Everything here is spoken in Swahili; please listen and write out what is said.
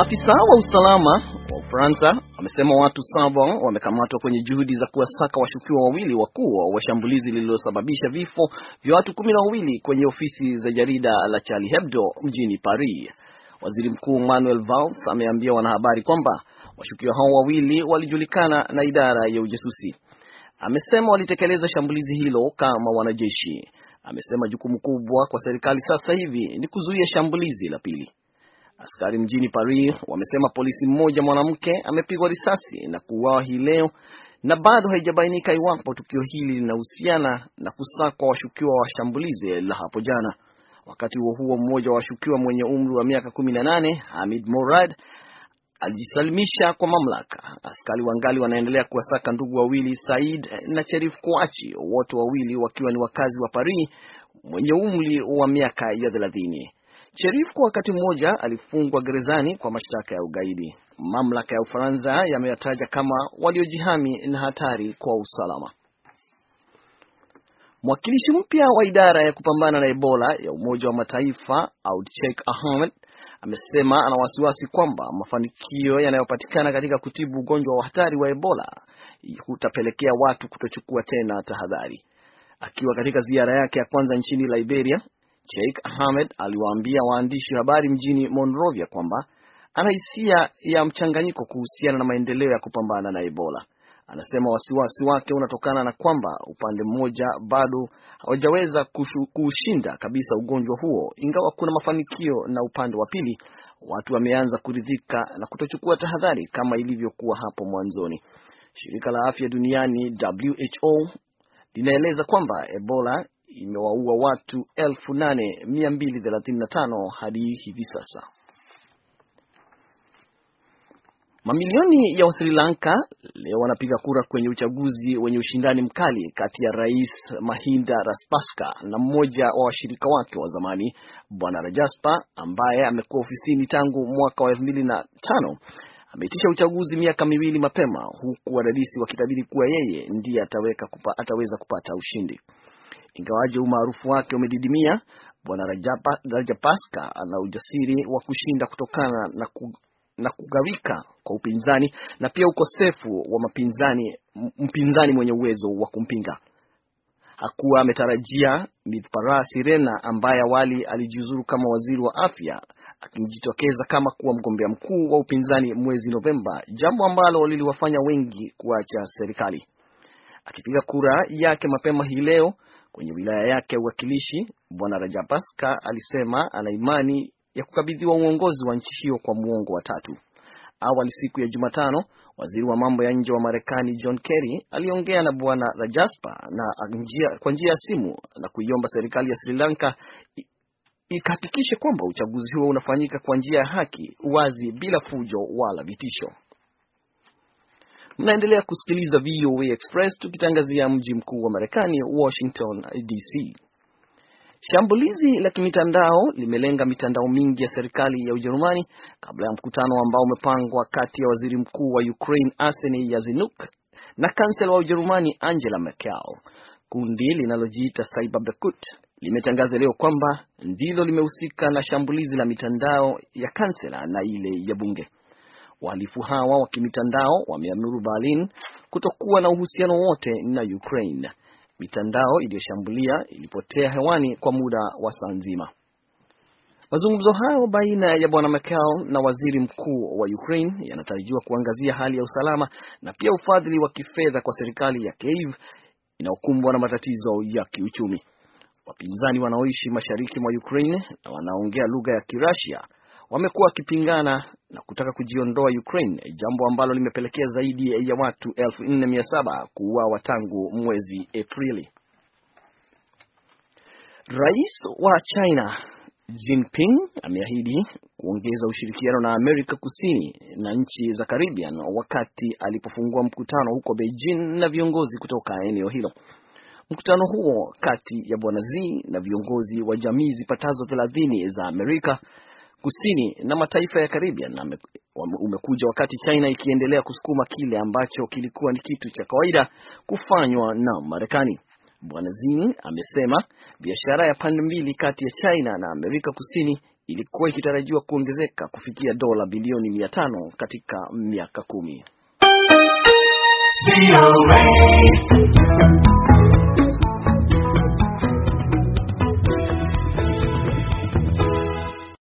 Maafisa wa usalama wa Ufaransa wamesema watu saba wamekamatwa kwenye juhudi za kuwasaka washukiwa wawili wakuu wa shambulizi lililosababisha vifo vya watu kumi na wawili kwenye ofisi za jarida la Charlie Hebdo mjini Paris. Waziri Mkuu Manuel Valls ameambia wanahabari kwamba washukiwa hao wawili walijulikana na idara ya ujasusi. Amesema walitekeleza shambulizi hilo kama wanajeshi. Amesema jukumu kubwa kwa serikali sasa hivi ni kuzuia shambulizi la pili. Askari mjini Paris wamesema polisi mmoja mwanamke amepigwa risasi na kuuawa hii leo, na bado haijabainika iwapo tukio hili linahusiana na kusakwa washukiwa wa shambulizi la hapo jana. Wakati huo huo, mmoja wa washukiwa mwenye umri wa miaka 18 Hamid Morad alijisalimisha kwa mamlaka. Askari wangali wanaendelea kuwasaka ndugu wawili Said na Cherif Kouachi, wote wawili wakiwa ni wakazi wa Paris, mwenye umri wa miaka ya thelathini. Sherif kwa wakati mmoja alifungwa gerezani kwa mashtaka ya ugaidi. Mamlaka ya Ufaransa yameyataja kama waliojihami na hatari kwa usalama. Mwakilishi mpya wa idara ya kupambana na Ebola ya Umoja wa Mataifa Aud Ahmed amesema ana wasiwasi kwamba mafanikio yanayopatikana katika kutibu ugonjwa wa hatari wa Ebola kutapelekea watu kutochukua tena tahadhari. Akiwa katika ziara yake ya kwanza nchini Liberia, Sheikh Ahmed aliwaambia waandishi habari mjini Monrovia kwamba ana hisia ya mchanganyiko kuhusiana na maendeleo ya kupambana na Ebola. Anasema wasiwasi wake unatokana na kwamba upande mmoja bado hawajaweza kuushinda kabisa ugonjwa huo, ingawa kuna mafanikio, na upande wa pili watu wameanza kuridhika na kutochukua tahadhari kama ilivyokuwa hapo mwanzoni. Shirika la Afya Duniani WHO linaeleza kwamba Ebola imewaua watu 8235 hadi hivi sasa. Mamilioni ya Sri Lanka leo wanapiga kura kwenye uchaguzi wenye ushindani mkali kati ya Rais Mahinda Rajapaksa na mmoja wa washirika wake wa zamani Bwana rajaspa ambaye amekuwa ofisini tangu mwaka wa 2005 ameitisha uchaguzi miaka miwili mapema huku wadadisi wakitabiri kuwa yeye ndiye ataweka kupa, ataweza kupata ushindi. Ingawaje umaarufu wake umedidimia, Bwana Rajapaksa ana ujasiri wa kushinda kutokana na, ku, na kugawika kwa upinzani na pia ukosefu wa mapinzani, mpinzani mwenye uwezo wa kumpinga. Hakuwa ametarajia mipara Sirena ambaye awali alijiuzuru kama waziri wa afya akimjitokeza kama kuwa mgombea mkuu wa upinzani mwezi Novemba, jambo ambalo liliwafanya wengi kuacha serikali. Akipiga kura yake mapema hii leo, Kwenye wilaya yake ya uwakilishi, Bwana Rajapaksa alisema ana imani ya kukabidhiwa uongozi wa nchi hiyo kwa muongo wa tatu. Awali siku ya Jumatano, waziri wa mambo ya nje wa Marekani John Kerry aliongea na Bwana rajaspa na kwa njia ya simu na kuiomba serikali ya Sri Lanka ikahakikishe kwamba uchaguzi huo unafanyika kwa njia ya haki, wazi, bila fujo wala vitisho. Mnaendelea kusikiliza VOA Express tukitangazia mji mkuu wa Marekani, Washington DC. Shambulizi la kimitandao limelenga mitandao mingi ya serikali ya Ujerumani kabla ya mkutano ambao umepangwa kati ya waziri mkuu wa Ukraine Arseniy Yazinuk na kansela wa Ujerumani Angela Merkel. Kundi linalojiita Cyberbekut limetangaza leo kwamba ndilo limehusika na shambulizi la mitandao ya kansela na ile ya bunge. Wahalifu hawa wa kimitandao wameamuru Berlin kutokuwa na uhusiano wote na Ukraine. Mitandao iliyoshambulia ilipotea hewani kwa muda wa saa nzima. Mazungumzo hayo baina ya bwana Merkel na waziri mkuu wa Ukraine yanatarajiwa kuangazia hali ya usalama na pia ufadhili wa kifedha kwa serikali ya Kiev inayokumbwa na matatizo ya kiuchumi. Wapinzani wanaoishi mashariki mwa Ukraine na wanaongea lugha ya Kirasia wamekuwa wakipingana na kutaka kujiondoa Ukraine, jambo ambalo limepelekea zaidi ya watu 47 kuuawa tangu mwezi Aprili. Rais wa China Jinping ameahidi kuongeza ushirikiano na Amerika Kusini na nchi za Caribbean wakati alipofungua mkutano huko Beijing na viongozi kutoka eneo hilo. Mkutano huo kati ya Bwana Xi na viongozi wa jamii zipatazo 30 za Amerika Kusini na mataifa ya Caribbean umekuja wakati China ikiendelea kusukuma kile ambacho kilikuwa ni kitu cha kawaida kufanywa na Marekani. Bwana Zin amesema biashara ya pande mbili kati ya China na Amerika Kusini ilikuwa ikitarajiwa kuongezeka kufikia dola bilioni mia tano katika miaka kumi.